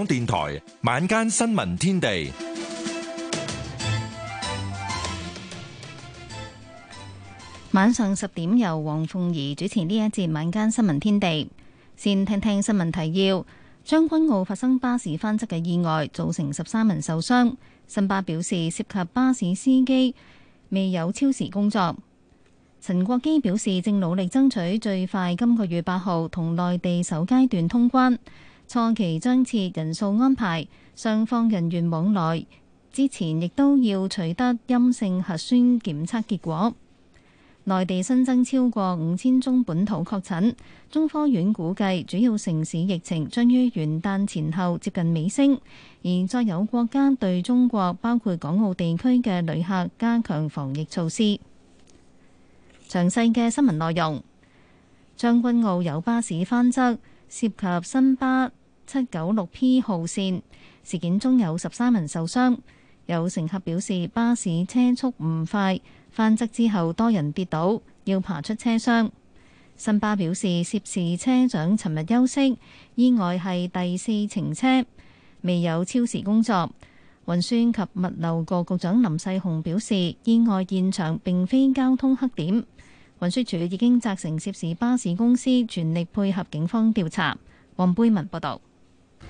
港電台晚間新聞天地，晚上十點由黃鳳儀主持呢一節晚間新聞天地。先聽聽新聞提要：將軍澳發生巴士翻側嘅意外，造成十三人受傷。新巴表示涉及巴士司機未有超時工作。陳國基表示正努力爭取最快今個月八號同內地首階段通關。初期將設人數安排，雙方人員往來之前亦都要取得陰性核酸檢測結果。內地新增超過五千宗本土確診，中科院估計主要城市疫情將於元旦前後接近尾聲，而再有國家對中國包括港澳地區嘅旅客加強防疫措施。詳細嘅新聞內容，將軍澳有巴士翻側涉及新巴，七九六 P 號線事件中有十三人受傷，有乘客表示巴士車速唔快，翻側之後多人跌倒，要爬出車廂。新巴表示涉事車長尋日休息，意外係第四程車，未有超時工作。運輸及物流局局長林世雄表示，意外現場並非交通黑點，運輸署已經責成涉事巴士公司全力配合警方調查。黃貝文報導。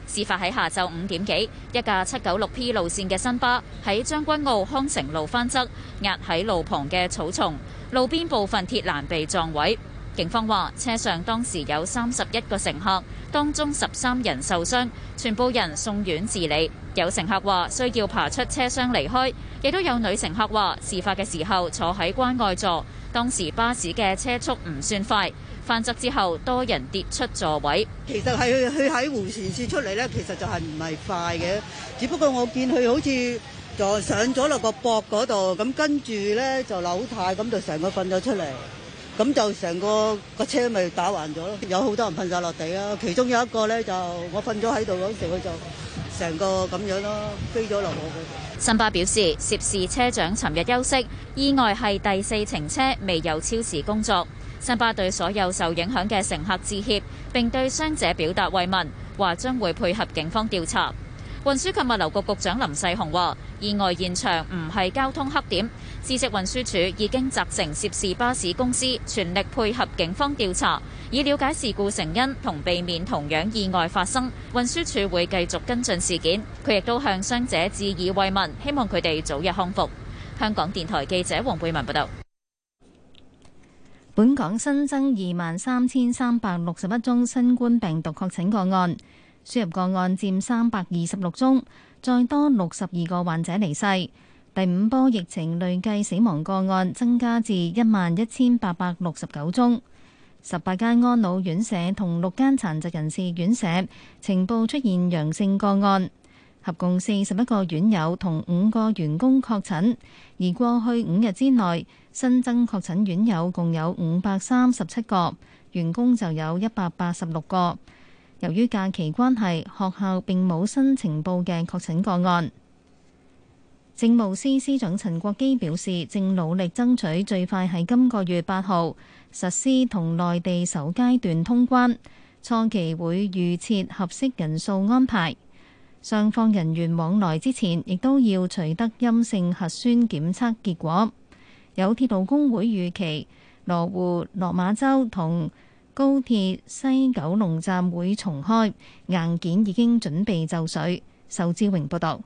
事發喺下晝五點幾，一架七九六 P 路線嘅新巴喺將軍澳康城路翻側，壓喺路旁嘅草叢，路邊部分鐵欄被撞毀。警方話車上當時有三十一個乘客，當中十三人受傷，全部人送院治理。有乘客話需要爬出車廂離開，亦都有女乘客話事發嘅時候坐喺關愛座，當時巴士嘅車速唔算快。翻側之後，多人跌出座位。其實係佢喺弧線處出嚟咧，其實就係唔係快嘅。只不過我見佢好似就上咗落個膊嗰度，咁跟住咧就扭軚，咁就成個瞓咗出嚟，咁就成個個車咪打橫咗咯。有好多人噴晒落地啊。其中有一個咧就我瞓咗喺度嗰時，佢就成個咁樣咯，飛咗落去。新巴表示，涉事車長尋日休息，意外係第四程車，未有超時工作。新巴對所有受影響嘅乘客致歉，並對傷者表達慰問，話將會配合警方調查。運輸及物流局局長林世雄話：意外現場唔係交通黑點，私營運輸署已經責成涉事巴士公司全力配合警方調查，以了解事故成因同避免同樣意外發生。運輸署會繼續跟進事件。佢亦都向傷者致以慰問，希望佢哋早日康復。香港電台記者黃貝文報道。本港新增二萬三千三百六十一宗新冠病毒確診個案，輸入個案佔三百二十六宗，再多六十二個患者離世。第五波疫情累計死亡個案增加至一萬一千八百六十九宗。十八間安老院舍同六間殘疾人士院舍情報出現陽性個案，合共四十一個院友同五個員工確診。而過去五日之內。新增確診院友共有五百三十七個，員工就有一百八十六個。由於假期關係，學校並冇新呈報嘅確診個案。政務司司長陳國基表示，正努力爭取最快喺今個月八號實施同內地首階段通關，初期會預設合適人數安排，雙方人員往來之前亦都要取得陰性核酸檢測結果。有鐵路工會預期，羅湖、落馬洲同高鐵西九龍站會重開，硬件已經準備就緒。仇志榮報道。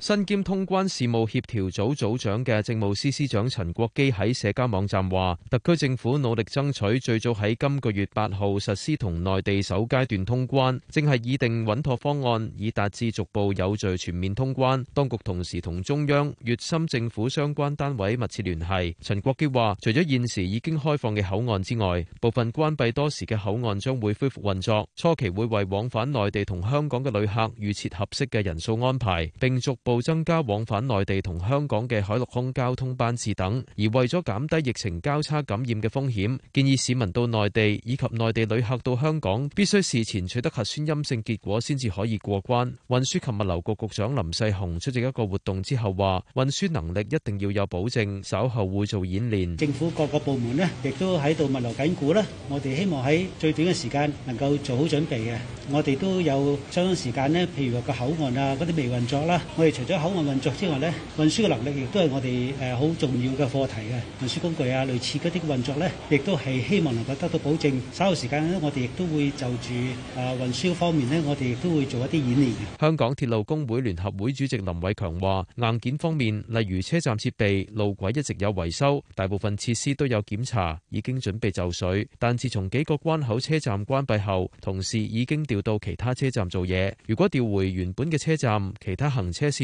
身兼通關事務協調組組長嘅政務司司長陳國基喺社交網站話：，特區政府努力爭取最早喺今個月八號實施同內地首階段通關，正係擬定穩妥方案，以達至逐步有序全面通關。當局同時同中央、粵深政府相關單位密切聯繫。陳國基話：，除咗現時已經開放嘅口岸之外，部分關閉多時嘅口岸將會恢復運作。初期會為往返內地同香港嘅旅客預設合適嘅人數安排，並逐步增加往返內地同香港嘅海陸空交通班次等，而為咗減低疫情交叉感染嘅風險，建議市民到內地以及內地旅客到香港，必須事前取得核酸陰性結果先至可以過關。運輸及物流局局長林世雄出席一個活動之後話：，運輸能力一定要有保證，稍後會做演練。政府各個部門咧，亦都喺度物流緊鼓啦。我哋希望喺最短嘅時間能夠做好準備嘅，我哋都有相當時間咧，譬如話個口岸啊，嗰啲未運作啦，我哋。除咗口岸運作之外咧，運輸嘅能力亦都係我哋誒好重要嘅課題嘅。運輸工具啊，類似啲運作咧，亦都係希望能夠得到保證。稍後時間咧，我哋亦都會就住誒運輸方面咧，我哋亦都會做一啲演練。香港鐵路工會聯合會主席林偉強話，硬件方面，例如車站設備路軌一直有維修，大部分設施都有檢查，已經準備就緒，但自從幾個關口車站關閉後，同事已經調到其他車站做嘢。如果調回原本嘅車站，其他行車線。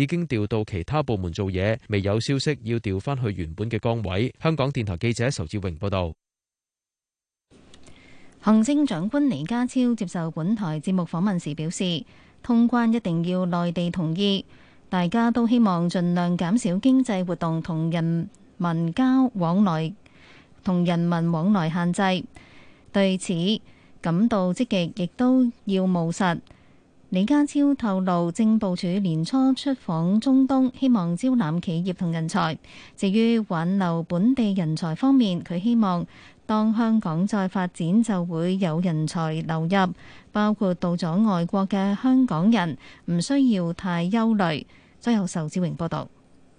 已經調到其他部門做嘢，未有消息要調返去原本嘅崗位。香港電台記者仇志榮報導。行政長官李家超接受本台節目訪問時表示，通關一定要內地同意，大家都希望盡量減少經濟活動同人民交往來同人民往來限制。對此感到積極，亦都要務實。李家超透露，正部署年初出訪中東，希望招攬企業同人才。至於挽留本地人才方面，佢希望當香港再發展就會有人才流入，包括到咗外國嘅香港人，唔需要太憂慮，最後仇志榮報道。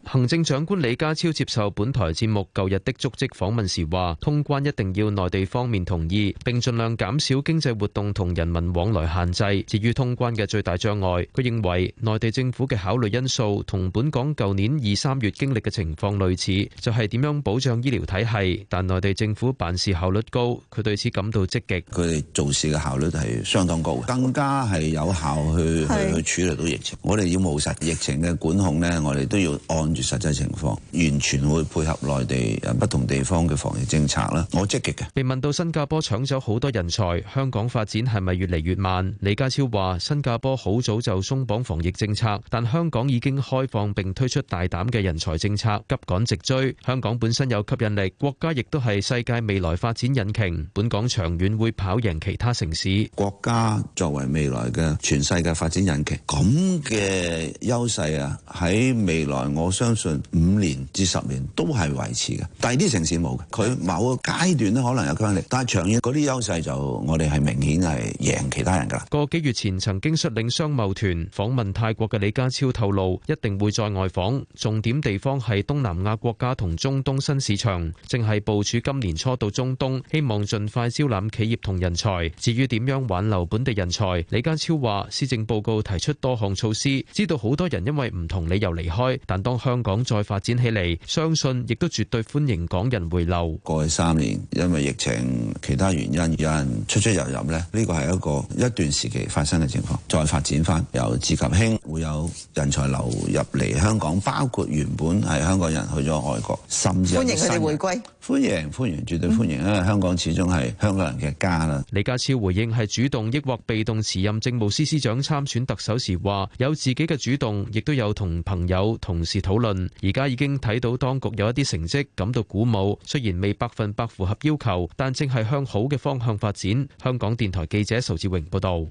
行政長官李家超接受本台節目舊日的足跡訪問時話：通關一定要內地方面同意，並盡量減少經濟活動同人民往來限制。至於通關嘅最大障礙，佢認為內地政府嘅考慮因素同本港舊年二三月經歷嘅情況類似，就係點樣保障醫療體系。但內地政府辦事效率高，佢對此感到積極。佢哋做事嘅效率係相當高，更加係有效去去處理到疫情。我哋要務實疫情嘅管控呢，我哋都要按。跟住實際情況，完全會配合內地不同地方嘅防疫政策啦。我積極嘅。被問到新加坡搶走好多人才，香港發展係咪越嚟越慢？李家超話：新加坡好早就鬆綁防疫政策，但香港已經開放並推出大膽嘅人才政策，急趕直追。香港本身有吸引力，國家亦都係世界未來發展引擎。本港長遠會跑贏其他城市。國家作為未來嘅全世界發展引擎，噉嘅優勢啊，喺未來我，相信五年至十年都係維持嘅，但係啲城市冇嘅，佢某個階段咧可能有吸引力，但係長遠嗰啲優勢就我哋係明顯係贏其他人㗎啦。個幾月前曾經率領商貿團訪問泰國嘅李家超透露，一定會再外訪，重點地方係東南亞國家同中東新市場，正係部署今年初到中東，希望盡快招攬企業同人才。至於點樣挽留本地人才，李家超話，施政報告提出多項措施，知道好多人因為唔同理由離開，但當向香港再發展起嚟，相信亦都絕對歡迎港人回流。過去三年，因為疫情，其他原因，有人出出入入咧，呢個係一個一段時期發生嘅情況。再發展返，由治及興，會有人才流入嚟香港，包括原本係香港人去咗外國，甚至歡迎佢哋回歸。歡迎歡迎，絕對歡迎！因為香港始終係香港人嘅家啦。李家超回應係主動抑或被動辭任政務司司長參選特首時話：有自己嘅主動，亦都有同朋友同事討論。而家已經睇到當局有一啲成績，感到鼓舞。雖然未百分百符合要求，但正係向好嘅方向發展。香港電台記者仇志榮報道。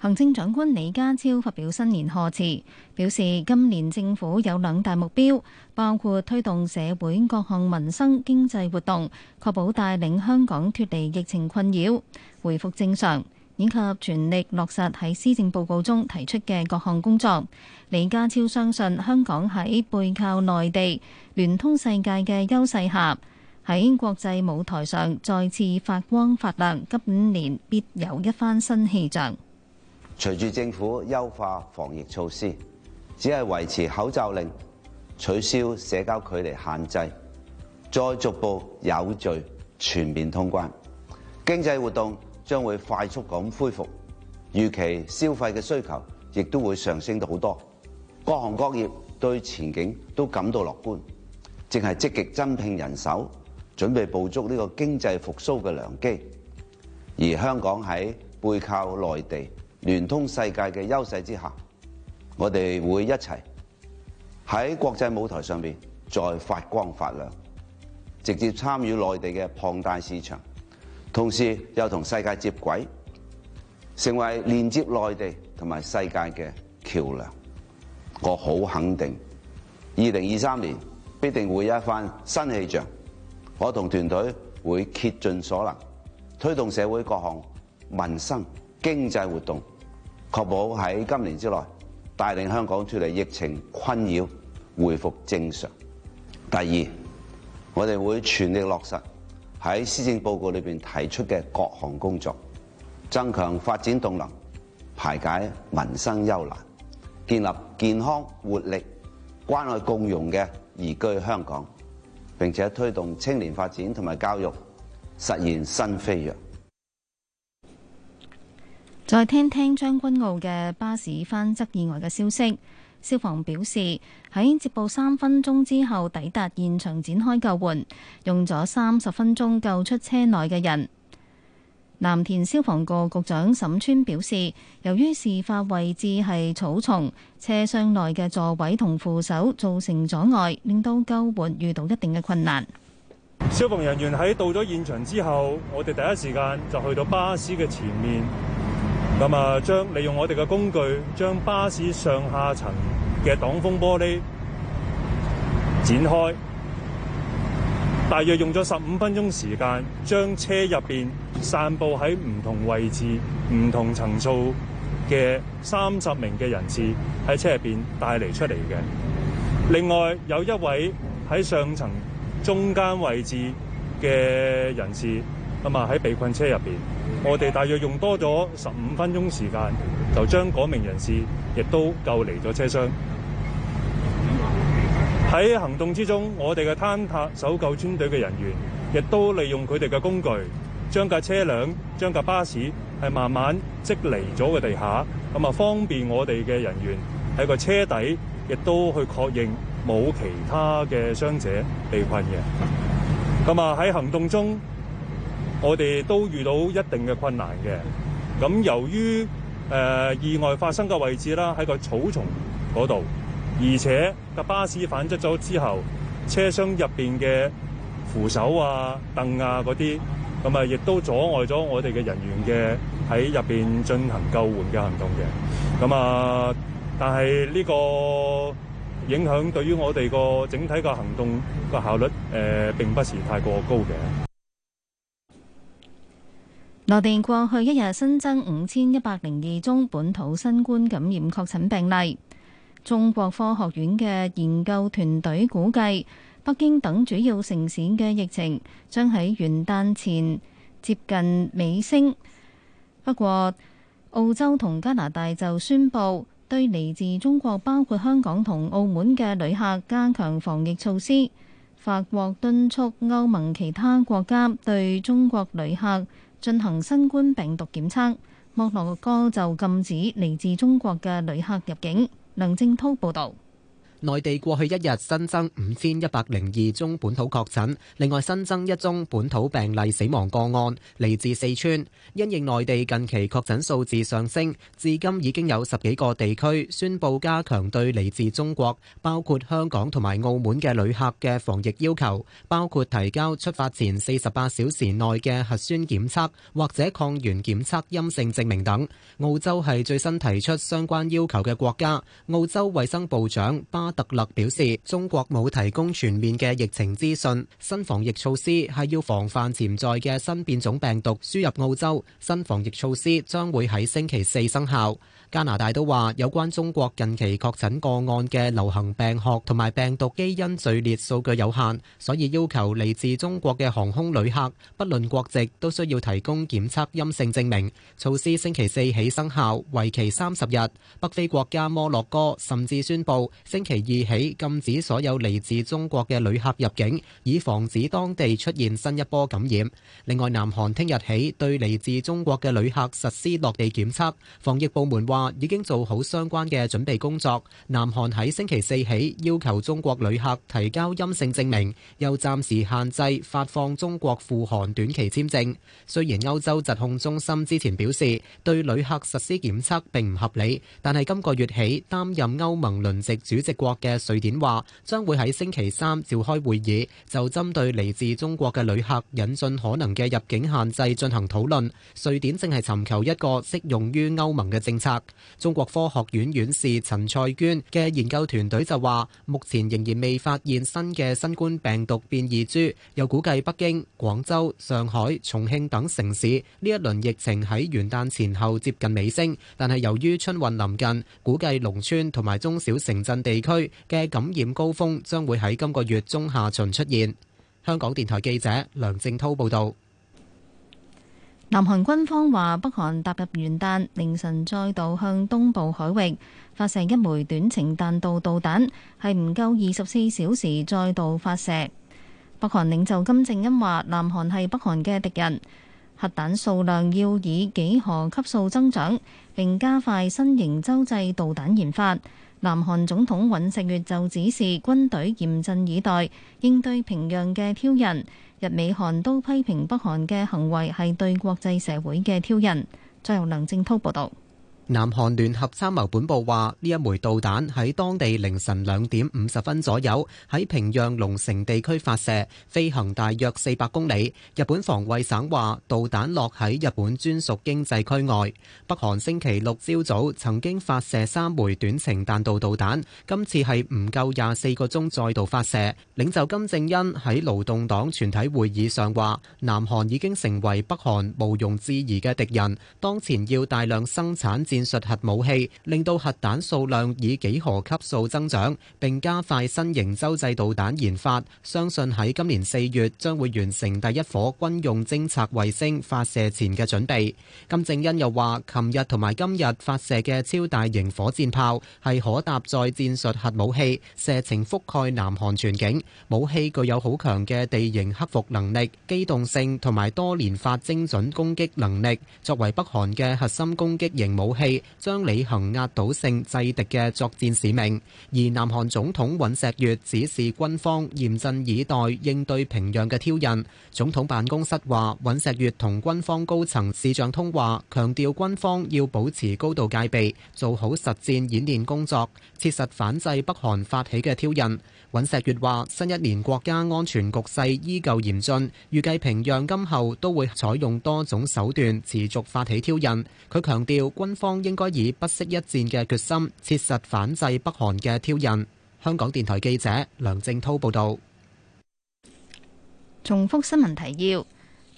行政長官李家超發表新年賀詞，表示今年政府有兩大目標，包括推動社會各項民生經濟活動，確保帶領香港脫離疫情困擾，回復正常，以及全力落實喺施政報告中提出嘅各項工作。李家超相信香港喺背靠內地、聯通世界嘅優勢下，喺國際舞台上再次發光發亮，今年必有一番新氣象。隨住政府優化防疫措施，只係維持口罩令，取消社交距離限制，再逐步有序全面通關，經濟活動將會快速咁恢復，預期消費嘅需求亦都會上升到好多，各行各業對前景都感到樂觀，淨係積極增聘人手，準備捕捉呢個經濟復甦嘅良機。而香港喺背靠內地，聯通世界嘅優勢之下，我哋會一齊喺國際舞台上面再發光發亮，直接參與內地嘅龐大市場，同時又同世界接軌，成為連接內地同埋世界嘅橋樑。我好肯定，二零二三年必定會有一番新氣象。我同團隊會竭盡所能，推動社會各項民生經濟活動。確保喺今年之內帶領香港脫離疫情困擾，恢復正常。第二，我哋會全力落實喺施政報告裏邊提出嘅各項工作，增強發展動能，排解民生憂難，建立健康、活力、關愛、共融嘅宜居香港。並且推動青年發展同埋教育，實現新飛躍。再聽聽將軍澳嘅巴士翻側意外嘅消息。消防表示，喺接報三分鐘之後抵達現場展開救援，用咗三十分鐘救出車內嘅人。藍田消防局局長沈川表示，由於事發位置係草叢，車廂內嘅座位同扶手造成阻礙，令到救援遇到一定嘅困難。消防人員喺到咗現場之後，我哋第一時間就去到巴士嘅前面。咁啊，將利用我哋嘅工具，將巴士上下層嘅擋風玻璃展開，大約用咗十五分鐘時間，將車入邊散布喺唔同位置、唔同層數嘅三十名嘅人士喺車入邊帶離出嚟嘅。另外，有一位喺上層中間位置嘅人士，咁啊喺被困車入邊。我哋大約用多咗十五分鐘時間，就將嗰名人士亦都救離咗車廂。喺行動之中，我哋嘅坍塌搜救專隊嘅人員，亦都利用佢哋嘅工具，將架車輛、將架巴士係慢慢積離咗個地下，咁啊方便我哋嘅人員喺個車底，亦都去確認冇其他嘅傷者被困嘅。咁啊喺行動中。我哋都遇到一定嘅困難嘅，咁由於誒、呃、意外發生嘅位置啦，喺個草叢嗰度，而且個巴士反側咗之後車廂入邊嘅扶手啊、凳啊嗰啲，咁啊亦都阻礙咗我哋嘅人員嘅喺入邊進行救援嘅行動嘅。咁啊，但係呢個影響對於我哋個整體嘅行動個效率誒、呃、並不是太過高嘅。內地過去一日新增五千一百零二宗本土新冠感染確診病例。中國科學院嘅研究團隊估計，北京等主要城市嘅疫情將喺元旦前接近尾聲。不過，澳洲同加拿大就宣布對嚟自中國，包括香港同澳門嘅旅客加強防疫措施。法國敦促歐盟其他國家對中國旅客。進行新冠病毒檢測，摩洛哥就禁止嚟自中國嘅旅客入境。梁正滔報導。內地過去一日新增五千一百零二宗本土確診，另外新增一宗本土病例死亡個案，嚟自四川。因應內地近期確診數字上升，至今已經有十幾個地區宣布加強對嚟自中國，包括香港同埋澳門嘅旅客嘅防疫要求，包括提交出發前四十八小時內嘅核酸檢測或者抗原檢測陰性證明等。澳洲係最新提出相關要求嘅國家。澳洲衛生部長巴巴特勒表示，中國冇提供全面嘅疫情資訊，新防疫措施係要防範潛在嘅新變種病毒輸入澳洲。新防疫措施將會喺星期四生效。加拿大都話有關中國近期確診個案嘅流行病學同埋病毒基因序列數據有限，所以要求嚟自中國嘅航空旅客，不論國籍，都需要提供檢測陰性證明。措施星期四起生效，為期三十日。北非國家摩洛哥甚至宣布星期二起禁止所有嚟自中國嘅旅客入境，以防止當地出現新一波感染。另外，南韓聽日起對嚟自中國嘅旅客實施落地檢測。防疫部門話已經做好相關嘅準備工作。南韓喺星期四起要求中國旅客提交陰性證明，又暫時限制發放中國赴韓短期簽證。雖然歐洲疾控中心之前表示對旅客實施檢測並唔合理，但係今個月起擔任歐盟輪值主席國。嘅瑞典話將會喺星期三召開會議，就針對嚟自中國嘅旅客引進可能嘅入境限制進行討論。瑞典正係尋求一個適用於歐盟嘅政策。中國科學院院士陳賽娟嘅研究團隊就話，目前仍然未發現新嘅新冠病毒變異株，又估計北京、廣州、上海、重慶等城市呢一輪疫情喺元旦前後接近尾聲，但係由於春運臨近，估計農村同埋中小城鎮地區，嘅感染高峰將會喺今個月中下旬出現。香港電台記者梁正濤報導。南韓軍方話，北韓踏入元旦凌晨再度向東部海域發射一枚短程彈道導彈，係唔夠二十四小時再度發射。北韓領袖金正恩話，南韓係北韓嘅敵人，核彈數量要以幾何級數增長，並加快新型洲際導彈研發。南韓總統尹錫悅就指示軍隊嚴陣以待，應對平壤嘅挑釁。日美韓都批評北韓嘅行為係對國際社會嘅挑釁。再由梁正濤報導。南韓聯合參謀本部話：呢一枚導彈喺當地凌晨兩點五十分左右喺平壤龍城地區發射，飛行大約四百公里。日本防衛省話導彈落喺日本專屬經濟區外。北韓星期六朝早曾經發射三枚短程彈道導彈，今次係唔夠廿四個鐘再度發射。領袖金正恩喺勞動黨全體會議上話：南韓已經成為北韓毋庸置疑嘅敵人，當前要大量生產戰戰術核武器令到核彈數量以幾何級數增長，並加快新型洲際導彈研發。相信喺今年四月將會完成第一顆軍用偵察衛星發射前嘅準備。金正恩又話，琴日同埋今日發射嘅超大型火箭炮係可搭載戰術核武器，射程覆蓋南韓全境，武器具有好強嘅地形克服能力、機動性同埋多連發精準攻擊能力，作為北韓嘅核心攻擊型武器。將履行壓倒性制敵嘅作戰使命，而南韓總統尹錫悅指示軍方嚴陣以待應對平壤嘅挑釁。總統辦公室話，尹錫悅同軍方高層視像通話，強調軍方要保持高度戒備，做好實戰演練工作，切實反制北韓發起嘅挑釁。尹錫悅話，新一年國家安全局勢依舊嚴峻，預計平壤今後都會採用多種手段持續發起挑釁。佢強調軍方。應該以不惜一戰嘅決心，切實反制北韓嘅挑釁。香港電台記者梁正滔報導。重複新聞提要：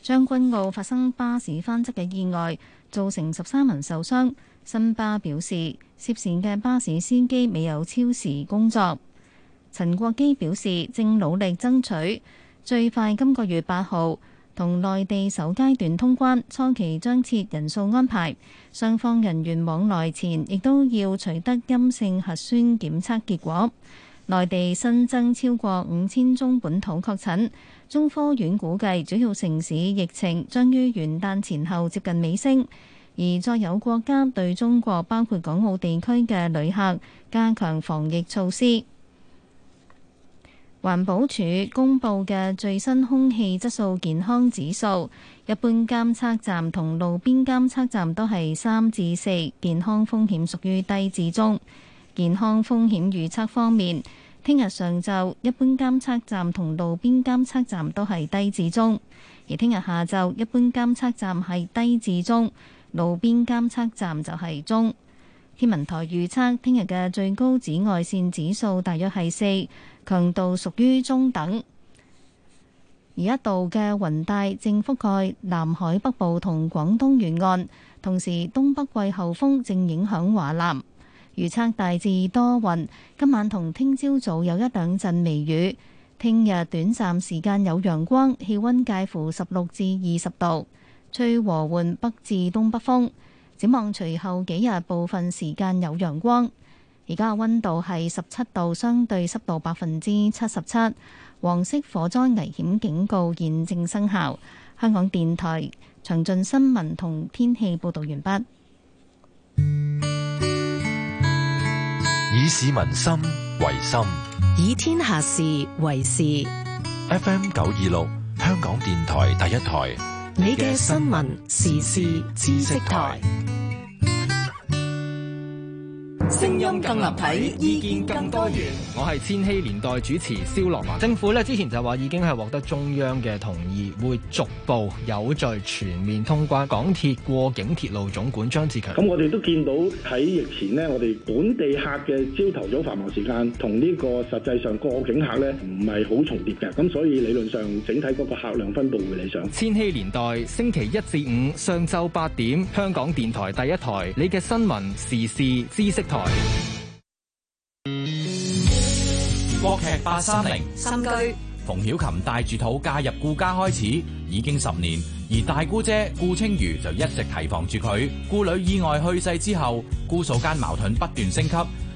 將軍澳發生巴士翻側嘅意外，造成十三人受傷。新巴表示，涉事嘅巴士司機未有超時工作。陳國基表示，正努力爭取最快今個月八號。同內地首階段通關，初期將設人數安排，雙方人員往來前亦都要取得陰性核酸檢測結果。內地新增超過五千宗本土確診，中科院估計主要城市疫情將於元旦前後接近尾聲，而再有國家對中國包括港澳地區嘅旅客加強防疫措施。環保署公布嘅最新空氣質素健康指數，一般監測站同路邊監測站都係三至四，健康風險屬於低至中。健康風險預測方面，聽日上晝一般監測站同路邊監測站都係低至中，而聽日下晝一般監測站係低至中，路邊監測站就係中。天文台預測聽日嘅最高紫外線指數大約係四。強度屬於中等，而一道嘅雲帶正覆蓋南海北部同廣東沿岸，同時東北季候風正影響華南。預測大致多雲，今晚同聽朝早早有一兩陣微雨，聽日短暫時間有陽光，氣温介乎十六至二十度，吹和緩北至東北風。展望隨後幾日，部分時間有陽光。而家溫度係十七度，相對濕度百分之七十七。黃色火災危險警告現正生效。香港電台詳盡新聞同天氣報道完畢。以市民心為心，以天下事為事。FM 九二六，香港電台第一台，你嘅新聞時事知識台。聲音更立體，意見更多元。我係千禧年代主持蕭樂文。政府呢之前就話已經係獲得中央嘅同意，會逐步有序全面通關。港鐵過境鐵路總管張志強。咁我哋都見到喺疫前呢，我哋本地客嘅朝頭早繁忙時間同呢個實際上過境客呢，唔係好重疊嘅，咁所以理論上整體嗰個客量分佈會理想。千禧年代星期一至五上晝八點，香港電台第一台，你嘅新聞時事知識台。國劇八三零心居，馮曉琴帶住肚嫁入顧家開始，已經十年。而大姑姐顧清瑜就一直提防住佢。顧女意外去世之後，姑嫂間矛盾不斷升級。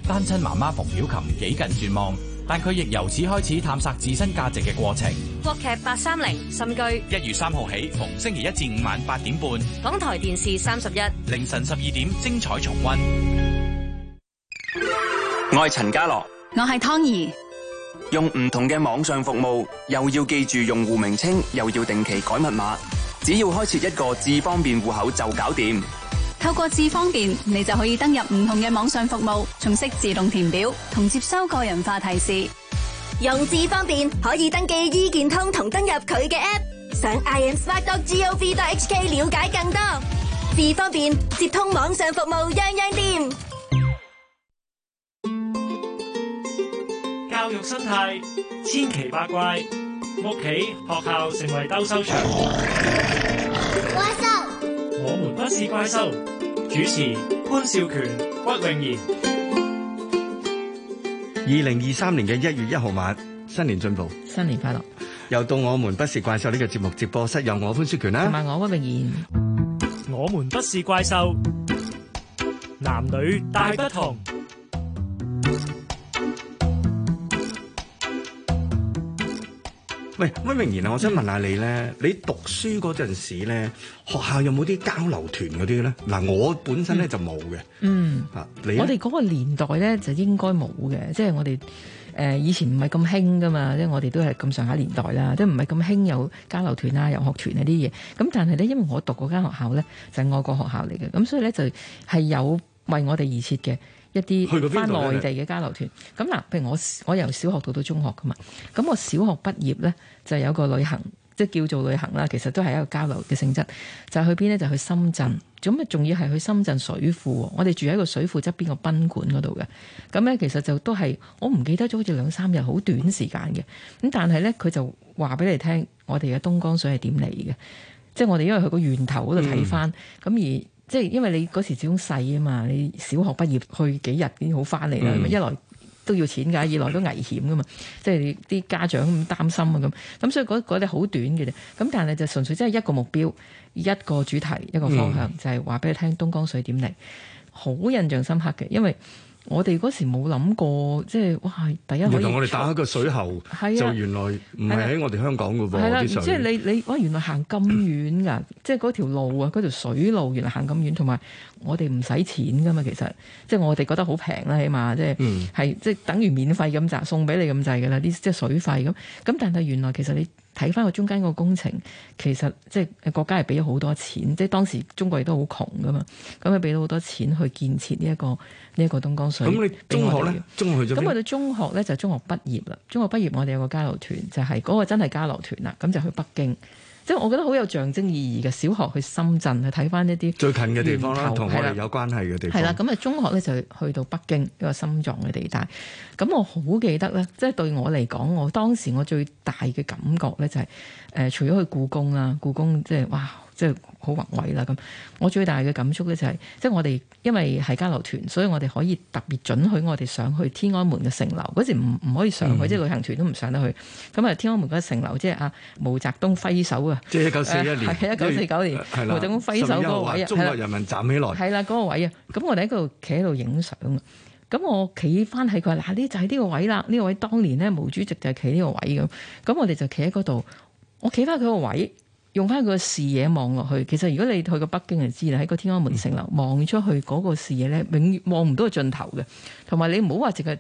單親媽媽馮曉琴幾近絕望，但佢亦由此開始探索自身價值嘅過程。國劇八三零心居，一月三號起逢星期一至五晚八點半，港台電視三十一凌晨十二點精彩重溫。我係陳家樂，我係湯儀。用唔同嘅網上服務，又要記住用戶名稱，又要定期改密碼。只要開設一個智方便戶口就搞掂。透過智方便，你就可以登入唔同嘅網上服務，重識自動填表同接收個人化提示。用智方便可以登記醫健通，同登入佢嘅 app，上 iamsmart.gov.hk 了解更多。智方便接通網上服務，樣樣掂。教育生態千奇百怪，屋企、學校成為鬥獸場。怪獸，我們不是怪獸。主持潘少權、屈穎妍。二零二三年嘅一月一號晚，新年進步，新年快樂。又到我們不是怪獸呢、這個節目直播室，由我潘少權啦，同埋我屈穎妍。我們不是怪獸，男女大不同。喂，溫明賢啊，我想問下你咧，嗯、你讀書嗰陣時咧，學校有冇啲交流團嗰啲咧？嗱、啊，我本身咧就冇嘅。嗯，我哋嗰個年代咧就應該冇嘅，即係我哋誒、呃、以前唔係咁興噶嘛，即係我哋都係咁上下年代啦，即係唔係咁興有交流團啊、遊學團嗰啲嘢。咁但係咧，因為我讀嗰間學校咧就係外國學校嚟嘅，咁所以咧就係有為我哋而設嘅。一啲翻內地嘅交流團，咁嗱，譬如我我由小學到到中學噶嘛，咁我小學畢業呢，就有個旅行，即叫做旅行啦，其實都係一個交流嘅性質，就係去邊呢？就去深圳，咁啊仲要係去深圳水庫，我哋住喺個水庫側邊個賓館嗰度嘅，咁呢，其實就都係我唔記得咗好似兩三日好短時間嘅，咁但係呢，佢就話俾你聽，我哋嘅東江水係點嚟嘅，即係我哋因為去個源頭嗰度睇翻，咁、嗯、而。即係因為你嗰時始終細啊嘛，你小學畢業去幾日已經好翻嚟啦、嗯一。一來都要錢㗎，二來都危險㗎嘛。即係啲家長咁擔心啊咁，咁所以嗰嗰啲好短嘅啫。咁但係就純粹即係一個目標、一個主題、一個方向，嗯、就係話俾你聽東江水點嚟，好印象深刻嘅，因為。我哋嗰時冇諗過，即係哇！第一同我哋打開個水喉，啊、就原來唔係喺我哋香港嘅噃。係啦、啊，即係、啊即係、你你哇！原來行咁遠㗎，嗯、即係嗰條路啊，嗰條水路原來行咁遠，同埋我哋唔使錢㗎嘛。其實即係我哋覺得好平啦，起碼、嗯、即係即係等於免費咁咋，送俾你咁滯㗎啦。啲即係水費咁，咁但係原來其實你。睇翻個中間個工程，其實即係國家係俾咗好多錢，即係當時中國亦都好窮噶嘛，咁啊俾咗好多錢去建設呢一個呢一個東江水。咁你中學咧，咁我哋中學咧，中學就中學畢業啦。中學畢業我哋有個交流團，就係嗰個真係交流團啦。咁就去北京。即係我覺得好有象徵意義嘅，小學去深圳去睇翻一啲最近嘅地方啦，同我哋有關係嘅地方。係啦、啊，咁啊中學咧就去到北京呢、這個心臟嘅地帶。咁我好記得咧，即、就、係、是、對我嚟講，我當時我最大嘅感覺咧就係、是、誒、呃，除咗去故宮啦，故宮即、就、係、是、哇。即係好宏偉啦咁，我最大嘅感觸咧就係、是，即係我哋因為係交流團，所以我哋可以特別准許我哋上去天安門嘅城樓。嗰時唔唔可以上去，嗯、即係旅行團都唔上得去。咁啊，天安門嘅城樓，即係啊，毛澤東揮手啊，即係一九四一年，係一九四九年，毛澤東揮手嗰個位啊，中國人民站起來，係啦，嗰個位啊。咁我哋喺度企喺度影相啊。咁我企翻喺佢話嗱，呢就喺呢個位啦。呢個位，這個、位當年咧，毛主席就係企呢個位咁。咁我哋就企喺嗰度，我企翻佢個位。用返佢個視野望落去，其實如果你去過北京就知啦，喺個天安門城樓望出去嗰個視野咧，永遠望唔到盡頭嘅。同埋你唔好話淨係。